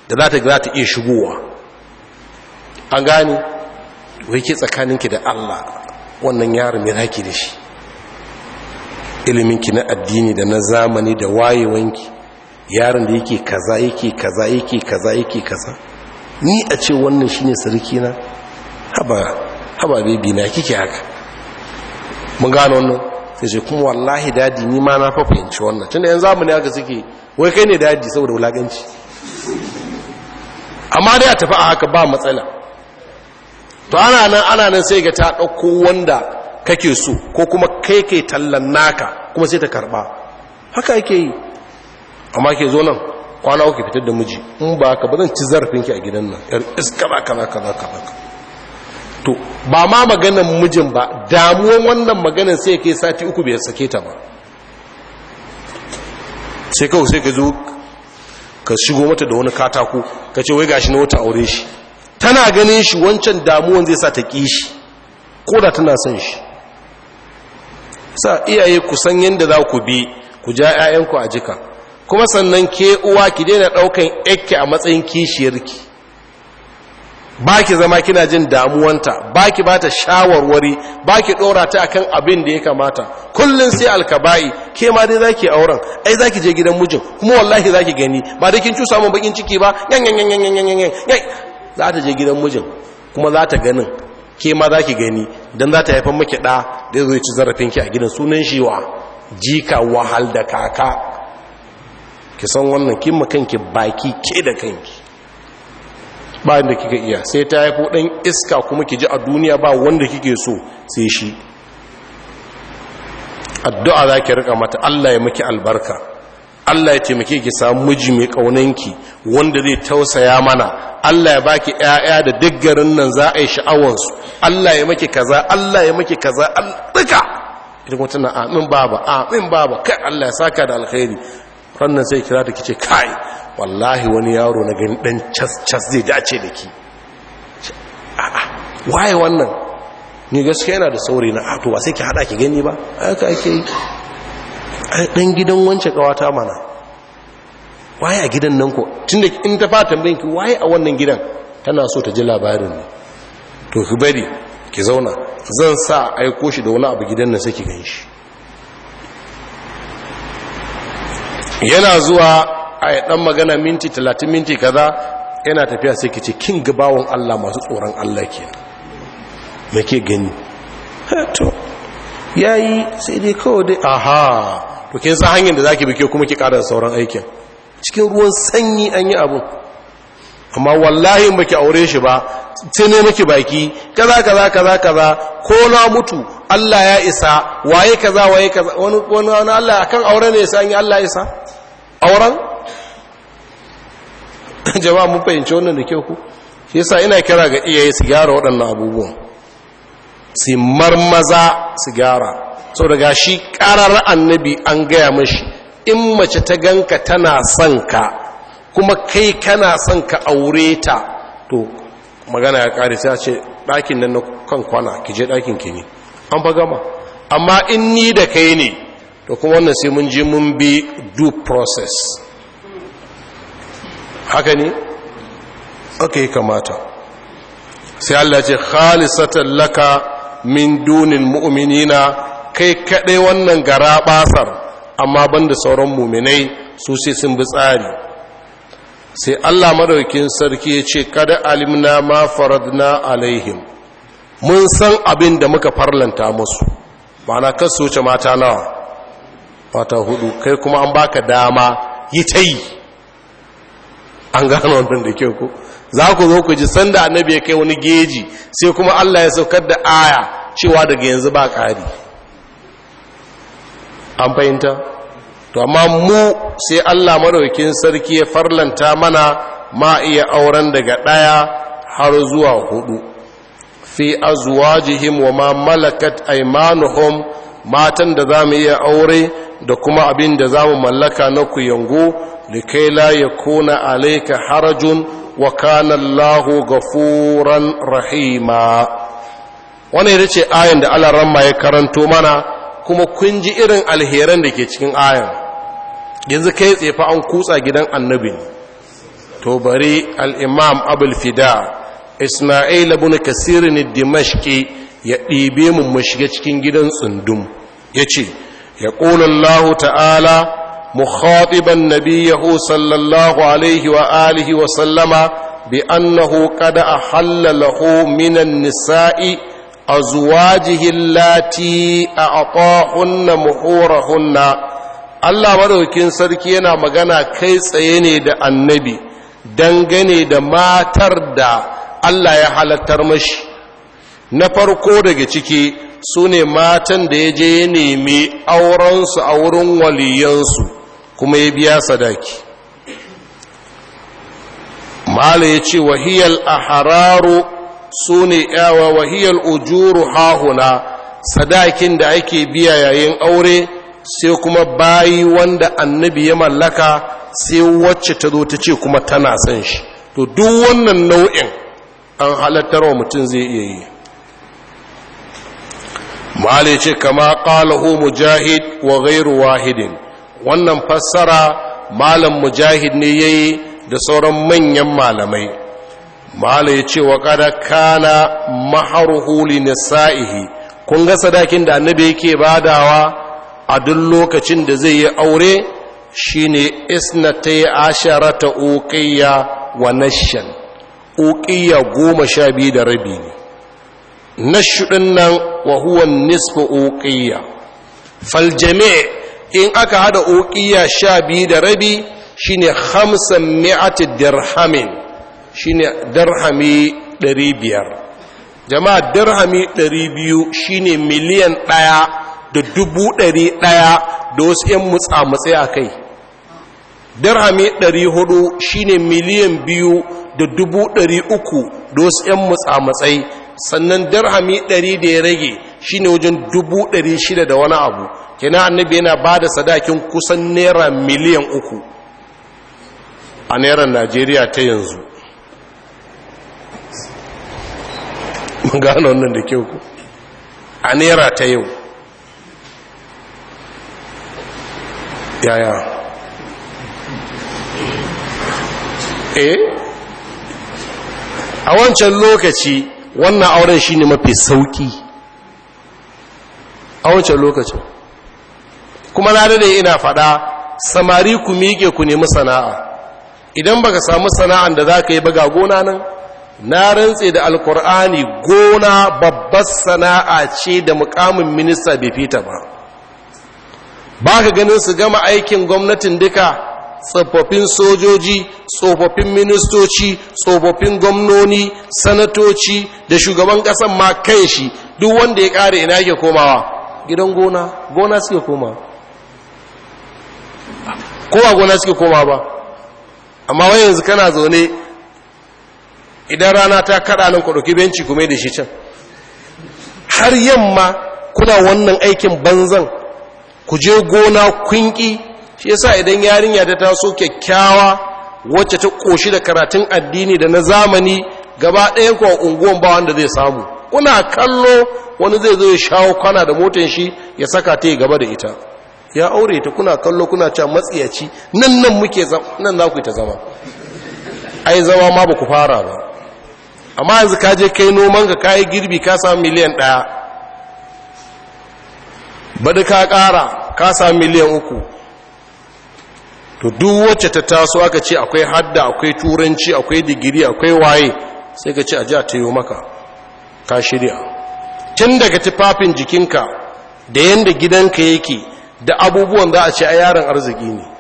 da za ta za ta iya shigowa an gani wai ke tsakaninki da Allah wannan yaron mai zaki da shi iliminki na addini da na zamani da wayewanki yaron da yake kaza yake kaza yake kaza yake kaza ni a ce wannan shine sarki na haba haba bebi na kike haka mun gano wannan sai ce kuma wallahi dadi ni ma na fahimci wannan tunda yan zamani haka suke wai kai ne dadi saboda wulakanci amma dai a tafi a haka ba matsala to ana nan ana nan sai ga ta ɗauko wanda kake so ko kuma kai kai tallan naka kuma sai ta karɓa haka yake yi amma ke zo nan kwana uku fitar da miji in ba ka ba zan ci zarafinki a gidan nan yar iska ba kaza kaza kaza to ba ma maganan mijin ba damuwan wannan maganan sai kai sati uku bai sake ta ba sai kawai sai ka zo ka shigo mata da wani katako ka ce wai gashi na wata aure shi tana ganin shi wancan damuwan zai sa ta ƙi shi ko da tana son shi sa iyaye ku san yadda za ku bi ku ja 'ya'yanku a jika kuma sannan ke uwa ki daina ɗaukan yake a matsayin kishiyarki ba ki zama kina jin damuwanta ba ki ba ta shawarwari ba ki ɗora ta akan abin da ya kamata kullum sai alkaba'i ke ma dai za ki auren ai za ki je gidan mijin kuma wallahi za ki gani ba da kin cusa mun bakin ciki ba yan yan yan yan yan yan yan za ta je gidan mijin kuma za ta ganin ke ma za ki gani don za ta haifan maki ɗa da zai ci zarafin ki a gidan sunan shi wa jika wahal da kaka ki san wannan kin ki baki ke da kanki bayan da kika iya sai ta haifo ɗan iska kuma ki ji a duniya ba wanda kike so sai shi addu'a za ki rika mata allah ya maki albarka Allah ya taimake ki samu miji mai kaunanki wanda zai tausaya mana Allah ya baki ƴaƴa da duk nan za a yi sha'awar su Allah ya maki kaza Allah ya maki kaza duka idan wata na amin baba amin baba kai Allah ya saka da alkhairi Wannan sai kira ta kice kai wallahi wani yaro na gani dan cas cas zai dace da ki a'a waye wannan ni gaskiya yana da saurayi na ato ba sai ki hada ki gani ba haka ake yi ɗan gidan wancan ƙawata mana waye a gidan nan ko tun da in ta fata tambayin ki waye a wannan gidan tana so ta ji labarin ne to ki bari ki zauna zan sa aiko shi da wani abu gidan nan sai ki gan shi yana zuwa a ɗan magana minti talatin minti kaza yana tafiya sai ki ce kin gabawan Allah masu tsoron Allah ke me ke gani ya yi sai dai kawai dai aha to kin san hanyar da zaki bi ke kuma ki ƙara sauran aikin cikin ruwan sanyi an yi abu amma wallahi baki aure shi ba ne miki baki kaza kaza kaza kaza ko na mutu Allah ya isa waye kaza waye kaza wani wani Allah akan aure ne sai an yi Allah isa auren [laughs] jama'a mun fahimci wannan da kyau ku shi yasa ina kira ga iyaye su gyara waɗannan abubuwan su marmaza su gyara sau daga shi ƙarar annabi an gaya mashi in mace ta ganka tana son ka kuma kai kana son ka aure ta to magana ya ƙare a ce ɗakin nan na kan kwana ki je ɗakin ki ne an fa gama amma in ni da kai ne to kuma wannan sai mun je mun bi due process haka ne aka yi kamata sai Allah ce khalisatan laka min dunin mu'minina kai kaɗai wannan gara basar amma banda sauran muminai su sai sun bi tsari sai allah madaukin sarki ya ce kada alimna ma faradna alaihim mun san abin da muka farlanta musu mana kan wuce mata nawa mata hudu kai kuma an baka dama yi ta yi an gano wannan da kyau ku za ku zo ku ji sanda annabi ya kai wani geji sai kuma Allah ya saukar da aya cewa daga yanzu ba ƙari an fahimta to amma mu sai Allah madaukin sarki ya farlanta mana ma iya auren daga ɗaya har zuwa hudu fi azwajihim wa ma malakat aymanuhum matan da za mu iya aure da kuma abin da za mu mallaka na kuyango likai la yakuna alaika harajun wa kana Allahu ghafuran rahima wannan ita ce ayin da Allah ramma ya karanto mana kuma kun ji irin alheran da ke cikin ayan yanzu kai tsefa an kutsa gidan annabi to bari al'imam abul fida ismail abu kasirin dimashki ya ɗibe mu mu shiga cikin gidan tsundum ya ce ya ƙunallahu ta'ala مخاطبا نبيه صلى الله wa sallama, bi بأنه قد أحل له minan nisa'i. lati a a'tahunna muhurahunna Allah madaukin sarki yana magana kai tsaye ne da annabi dangane da matar da Allah ya halattar mashi na farko daga ciki su ne matan da ya je ya nemi aurensu a wurin waliyansu kuma ya biya sadaki mala ya ce wahiyar hararu su ne yawa wahiyar ujuru hahuna sadakin da ake biya yayin aure sai kuma bayi wanda annabi ya mallaka sai wacce ta zo ta ce kuma tana san shi to duk wannan nau'in an halattar wa mutum zai iya yi ma'ala ce kama ƙalahu mujahid wa gairu wahidin wannan fassara malam mujahid ne yayi da sauran manyan malamai mala ya ce wa kada kana maharuhu li nisa'ihi kun ga sadakin da annabi yake badawa a duk lokacin da zai yi aure shine isnatai asharata uqiyya wa nashan. uqiyya goma sha biyu da rabi ne nashu din nan wa huwa nisfu uqiyya fal jami' in aka hada uqiyya sha biyu da rabi shine 500 dirhamin shine darhami 500 jama'a darhami 200 shine miliyan ɗaya da dubu ɗari ɗaya da wasu 'yan mutsa-mutsai a kai darhami 400 shine miliyan biyu da dubu ɗari uku da wasu 'yan mutsa-mutsai sannan darhami ɗari da ya rage shine wajen dubu ɗari shida da wani abu kina annabi yana ba da sadakin kusan naira miliyan uku a naira najeriya ta yanzu mun gano wannan da kyau ku a nera ta yau yaya e a wancan lokaci wannan auren shine mafi sauki a wancan lokacin kuma na da ina fada samari ku miƙe ku nemi sana'a idan baka samu sana'an da za ka yi baga gona nan na rantse da alkur'ani gona babbar sana'a ce da mukamin minista bai fita ba ba ka ganin su gama aikin gwamnatin duka tsofaffin sojoji tsofaffin ministoci tsofaffin gwamnoni sanatoci da shugaban ƙasan ma kai shi duk wanda ya ƙare ina yake komawa gidan gona gona suke koma kowa gona suke koma ba amma wani yanzu kana zaune idan rana ta kada nan ku ɗauki benci kuma da shi can har yamma kuna wannan aikin banzan ku je gona kunki shi yasa idan yarinya ta taso kyakkyawa wacce ta koshi da karatun addini da na zamani gaba ɗayan ku a unguwan ba wanda zai samu kuna kallo wani zai zo ya shawo kwana da motan shi ya saka ta gaba da ita ya aure ta kuna kallo kuna cewa matsiyaci nan nan muke nan za ku ta zama ai zama ma ba ku fara ba amma yanzu ka je kai noman ka kayi girbi ka samu miliyan ɗaya bada ka ƙara ka samu miliyan uku to duk wacce ta taso aka ce akwai hadda akwai turanci akwai digiri akwai waye sai ka ce a ji a tayo maka ka shirya tun daga tufafin jikinka da yadda gidanka yake da abubuwan za a ce a yaron arziki ne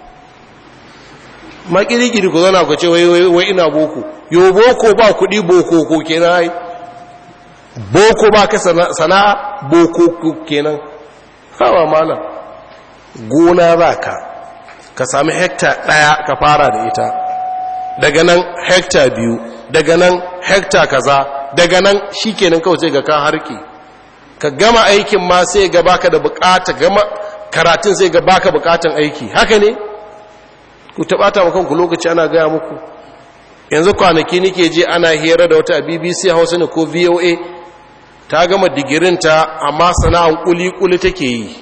makirikiri ku zana ku ce wai ina boko yo boko ba kudi boko ko kenan ai boko ba ka sana'a boko ko kenan hawa mana gona za ka ka sami hekta ɗaya ka fara da ita daga nan hekta biyu daga nan hekta kaza daga nan shi kenan kawace ga ka harki ka gama aikin ma sai ga baka da bukata gama karatun sai ga baka bukatan aiki haka ne ku taɓata wa kanku lokaci ana gaya muku yanzu kwanaki nike je ana hira da wata bbc hausa ne ko voa ta gama digirinta amma sana'an kuli-kuli take yi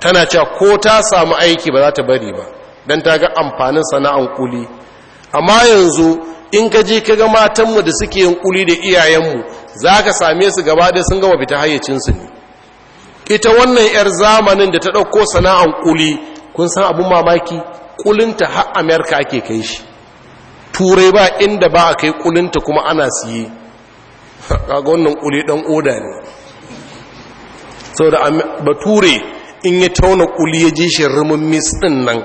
tana cewa ko ta samu aiki ba za ta bari ba don ta ga amfanin sana'an kuli amma yanzu in ka je ka ga matanmu da suke yin kuli da iyayenmu za ka same su gaba da sun gama fita hayyacinsu ne ita wannan 'yar zamanin da ta ɗauko sana'an kuli kun san abin mamaki kulinta har amerika ake kai shi turai ba inda ba a kai kulinta kuma ana siye kaga wannan kuli dan oda ne saboda bature in ya tauna kuli ya ji shi rumin mis din nan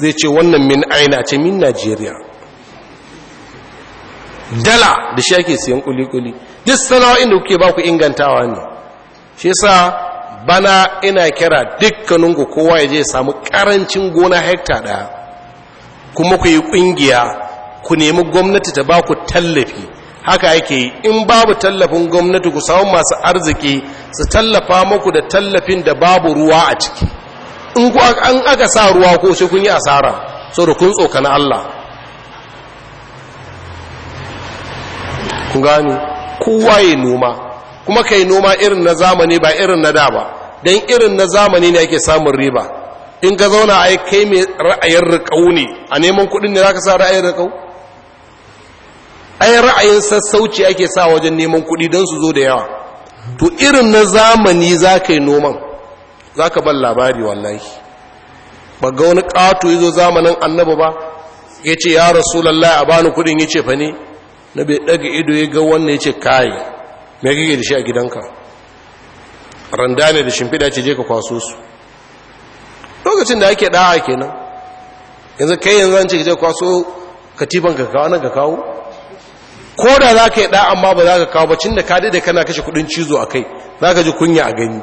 zai ce wannan min aina ce min najeriya dala da shi ake siyan kuli-kuli duk sana'o'in da kuke ba ku ingantawa ne shi sa bana ina kira dukkaninku kowa ya je samu karancin gona hekta ɗaya kuma ku yi ƙungiya ku nemi gwamnati ta ba ku tallafi haka yake yi in babu tallafin gwamnati ku samu masu arziki su tallafa muku da tallafin da babu ruwa a ciki in ku an aka sa ruwa ko sai kun yi asara so da kun tsokana Allah ku gani kowa ya noma kuma kai noma irin na zamani ba irin na da ba don irin na zamani ne ake samun riba in ka zauna a yi kai mai ra'ayin rikau ne a neman kuɗin ne za ka sa ra'ayin rikau? ai ra'ayin sassauci ake sa wajen neman kuɗi don su zo da yawa to irin na zamani za ka yi noman za ka ban labari wallahi ba ga wani ƙato ya zo zamanin annaba ba ya ce ya lallai a bani kuɗin ya ce fa ne na bai ɗaga ido ya ga wannan ya ce kayi me kake da shi a gidanka randa ne da shimfiɗa ce je ka kwaso su lokacin da ake ɗa'a kenan yanzu kai yanzu an ce ka je kwaso katiban ka kawo nan ka kawo ko da za ka yi ɗa'a amma ba za ka kawo cin da ka daidai kana kashe kuɗin cizo a kai za ka ji kunya a gani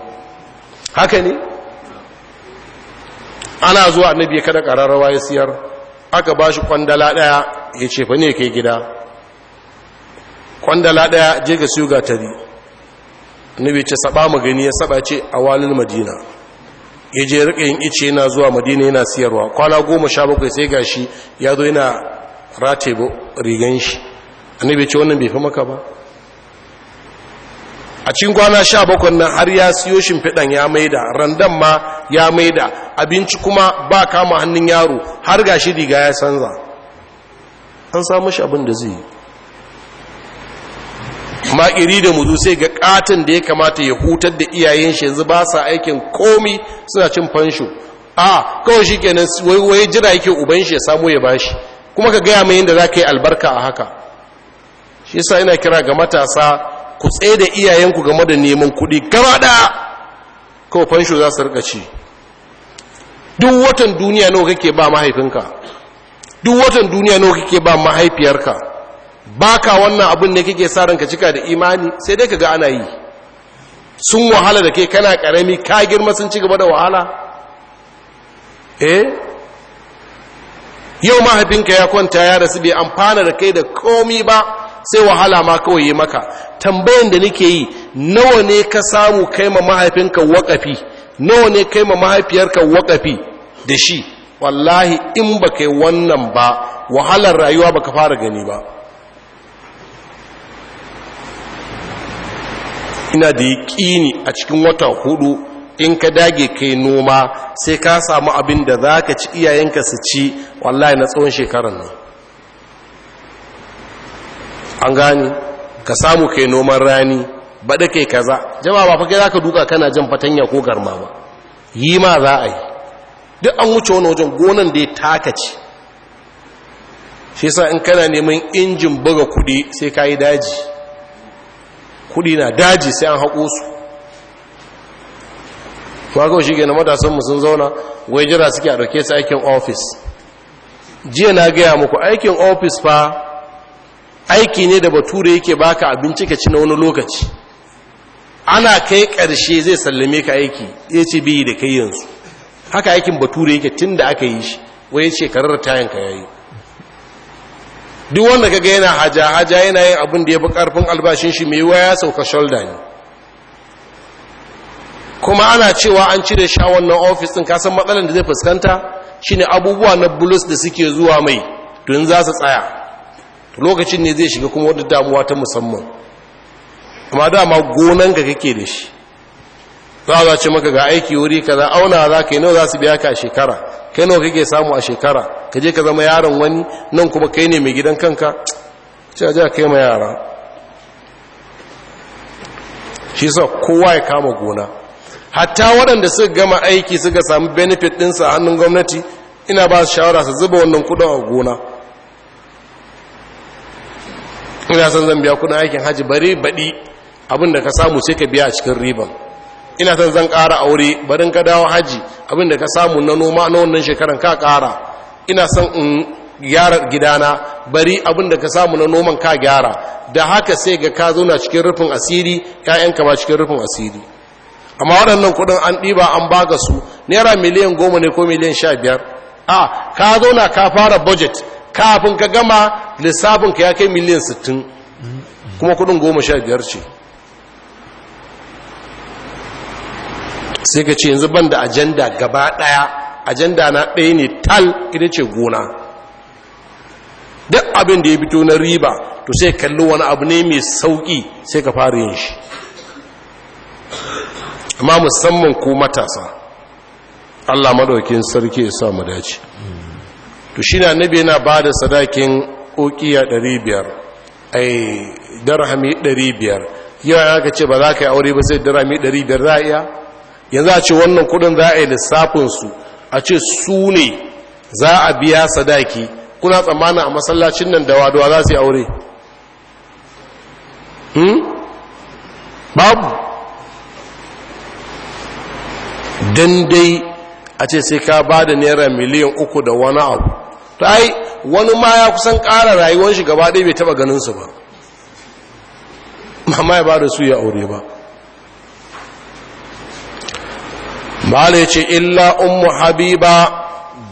haka ne ana zuwa annabi kada ƙararrawa ya siyar aka ba shi kwandala ɗaya ya ce fa ne kai gida kwandala daya je ga siyo gatari annabi ce saba mu gani ya saba ce a walin madina ya je rike yin ice yana zuwa madina yana siyarwa kwana goma sha bakwai sai gashi ya zo yana rataye rigan shi annabi ce wannan bai fi maka ba a cikin kwana sha bakwai nan har ya siyo shimfiɗan ya maida randan ma ya maida abinci kuma ba kama hannun yaro har gashi riga ya sanza an samu shi abin da zai yi makiri da muzu sai ga katin da ya kamata ya hutar da iyayen shi yanzu ba sa aikin komi suna cin fansho a kawai shi kenan wai jira yake uban shi ya samu ya bashi kuma ka gaya mai yadda za ka yi albarka a haka shi sa ina kira ga matasa ku tsaye da iyayenku game da neman kuɗi gaba ɗaya kawai fansho za su rika ci duk watan duniya nawa kake ba mahaifinka duk watan duniya nawa kake ba mahaifiyarka baka wannan abin da kake sa ranka cika da imani sai dai ga ana yi sun wahala da ke kana karami ka girma sun ci gaba da wahala eh yau mahaifinka ya kwanta ya rasu bai amfana da kai da komi ba sai wahala ma kawai yi maka tambayan da nake yi nawa ne ka samu kai ma mahaifinka wakafi nawa ne kaima mahaifiyarka wakafi da shi wallahi in ba kai wannan ba wahalar rayuwa baka fara gani ba ina da ƙini a cikin wata hudu in ka dage kai noma sai ka samu abin da za ka ci iyayenka su ci wallahi na tsawon shekarar nan an gani ka samu kai noman rani baɗa kai kaza jama ba fage za ka duka kana jan fatanya ko garma ba yi ma za a yi duk an wuce wani wajen gonan da ya taka ci shi sa in kana neman injin buga kuɗi sai ka yi daji kudi na daji sai an haƙo su mako shi ke na matasanmu sun zauna wai jira suke a ɗauke su aikin ofis jiya na gaya muku aikin ofis fa aiki ne da bature yake baka abinci ka ci na wani lokaci ana kai ƙarshe zai sallame ka aiki ya ce biyi da kai yanzu haka aikin bature yake tun da aka yi shi wai ya ce karar tayanka ya yi duk wanda ka ga yana haja haja yana yin abin da ya fi karfin albashin shi mai waya sauka shoulder ne kuma ana cewa an cire sha wannan ofis din kasan matsalar da zai fuskanta shine abubuwa na bulus da suke zuwa mai tun za su tsaya lokacin ne zai shiga kuma wata damuwa ta musamman amma dama gonan ga kake da shi za a ce maka ga aiki wuri kaza auna za ka yi nawa za su biya ka shekara kai nawa kake samu a shekara ka je ka zama yaron wani nan kuma kai ne mai gidan kanka ce a kai ma yara shi sa kowa ya kama gona hatta waɗanda suka gama aiki suka samu benefit ɗinsa a hannun gwamnati ina ba su shawara su zuba wannan kuɗin a gona ina san zan biya kuɗin aikin hajji bari baɗi abinda ka samu sai ka biya a cikin riban ina son zan ƙara aure barin ka dawo haji abinda ka samu na noma na wannan shekaran ka ƙara ina son in gyara gidana bari abinda ka samu na noman ka gyara da haka sai ga ka zauna cikin rufin asiri ƴaƴanka ba cikin rufin asiri amma waɗannan kuɗin an ɗiba an baka su naira miliyan goma ne ko miliyan sha biyar a ka zauna ka fara budget kafin ka gama lissafinka ya kai miliyan sittin kuma kuɗin goma sha biyar ce sai ka ce yanzu ban da ajanda gaba ɗaya ajanda na ɗaya ne tal ita ce gona duk abin da ya fito na riba to sai kalli wani abu ne mai sauƙi sai ka fara yin shi amma musamman ko matasa allah maɗaukin sarki ya sa mu dace to shi na nabi yana ba da sadakin ƙoƙiya 500 ai darhami 500 yau ya ka ce ba za ka yi aure ba sai darhami 500 za a iya yanzu a ce wannan kudin za a yi lissafinsu a ce su ne za a biya sadaki kuna tsammanin a masallacin nan da wadawa za su yi aure hmm? babu don dai a ce sai ka ba da naira miliyan uku da wani abu ta yi wani ma ya kusan ƙara rayuwar shi gaba ɗaya bai taɓa ganinsu ba Mamaye ya ba da su ya aure ba malai ce illa ummu habiba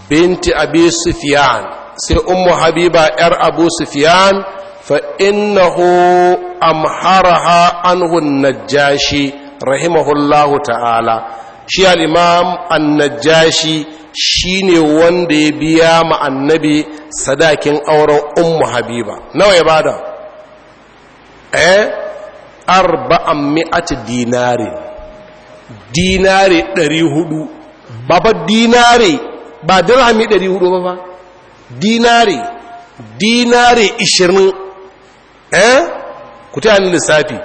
binti abi sufyan sai ummu habiba yar abu sufyan fa innahu amharaha anhu najashi rahimahullahu ta'ala shi al-imam an-najashi shine wanda ya biya ma annabi sadakin auren ummu habiba nawa ya bada eh arba'an mi'ati dinarin dinare 400 ba ba dinare ba dirhami 400 ba ba dinare dinare 20 eh ku ta ni lissafi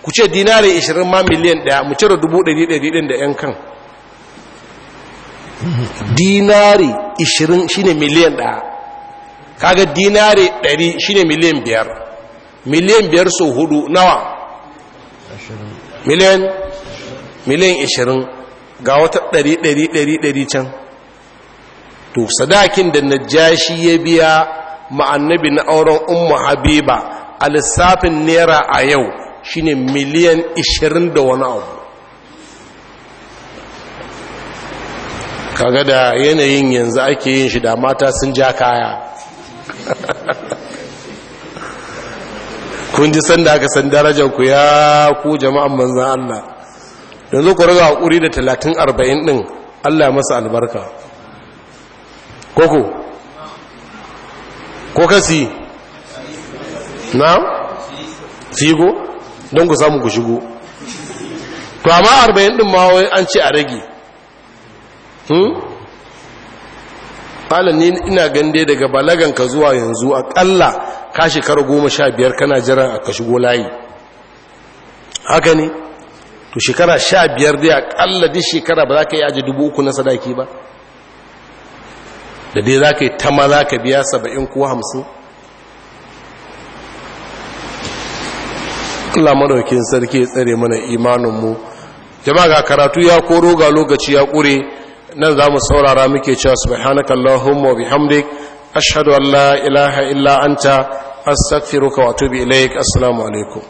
ku ce dinare 20 ma miliyan ɗaya, mu cire ɗari ɗin da yan kan dinare 20 shine miliyan ɗaya, kaga dinare 100 shine miliyan biyar miliyan biyar so hudu nawa miliyan miliyan ishirin ga wata 100 100 can to sadakin da najashi ya biya ma'annabi na auren Umma habiba a lissafin naira a yau shine miliyan ishirin da wani abu kaga da yanayin yanzu ake yin shi da mata sun ja kaya [laughs] kun ji sanda aka san darajar ku ya ku jama'an manzan Allah yanzu ku raga haƙuri da talatin arba'in ɗin allah masa albarka koko ko kasi na figo don ku samu ku shigo to amma arba'in ɗin ma an ce a rage hmm? ni ina gande daga balaganka zuwa yanzu aƙalla ka shekara goma sha biyar kana jiran a ka shigo layi haka ne to shekara sha biyar dai akalla duk shekara ba za ka yi aji dubu uku na sadaki ba da dai za ka yi ta ma za ka biya saba'in ko hamsin Allah madaukin sarki ya tsare mana imaninmu jama'a ga karatu ya koro ga lokaci ya kure nan za mu saurara muke cewa subhanaka allahumma wa bihamdik ashhadu an la ilaha illa anta astaghfiruka wa atubu ilaik assalamu alaikum